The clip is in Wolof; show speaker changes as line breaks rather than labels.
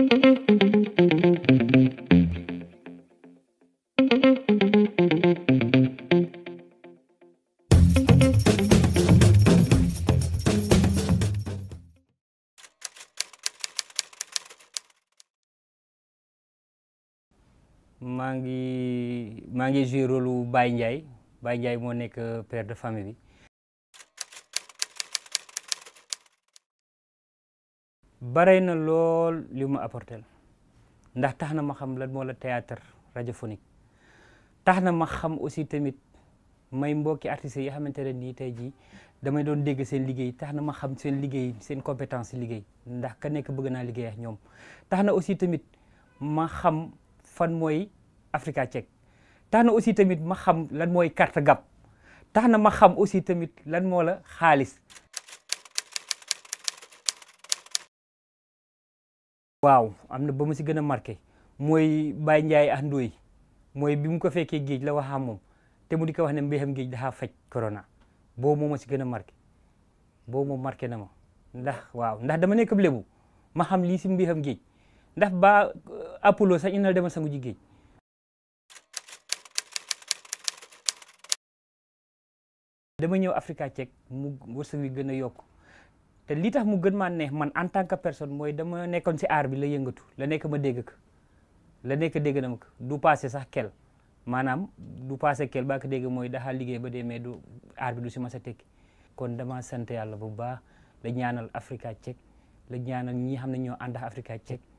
maa ngi maa ngi joué rôle lu Baye Ndiaye moo nekk père de famille bare na lool li mu apporté ndax tax na ma xam lan moo la théâtre radiophonique tax na ma xam aussi tamit may mbokki artistes yi xamante ne nii tey jii damay doon dégg seen liggéey tax na ma xam seen liggéey seen compétence liggéey ndax ka nekk bëgg naa liggéey ñoom tax na aussi tamit ma xam fan mooy Africa Check tax na aussi tamit ma xam lan mooy carte gab tax na ma xam aussi tamit lan moo la xaalis waaw am na ba mu si gën a marqué mooy baay Ndiaye ak Ndoye mooy bi mu ko fekkee géej la waxaa moom te mu di ko wax ne mbéyam géej daxaa faj korona boobu moom ma si gën a marqué boobu moom marqué na ma ndax waaw ndax dama nekk lébu ma xam lii si mbéyam géej ndax ba uh, Apollo sa inal demal sangu ji géej dama ñëw Africa Check mu wërsëg wi gën a yokk te li tax mu gën maa neex man en tant que personne mooy dama nekkoon si aar bi la yëngatu la nekk ma dégg ko la nekk dégg na ma du passé sax kel maanaam du passé kel baa ko dégg mooy daxaa liggéey ba dee mais du aar bi du si mas a tekki kon dama sant yàlla bu baax la ñaanal Africa Check la ñaanal ñi xam ne ñoo ànd ak Africa Check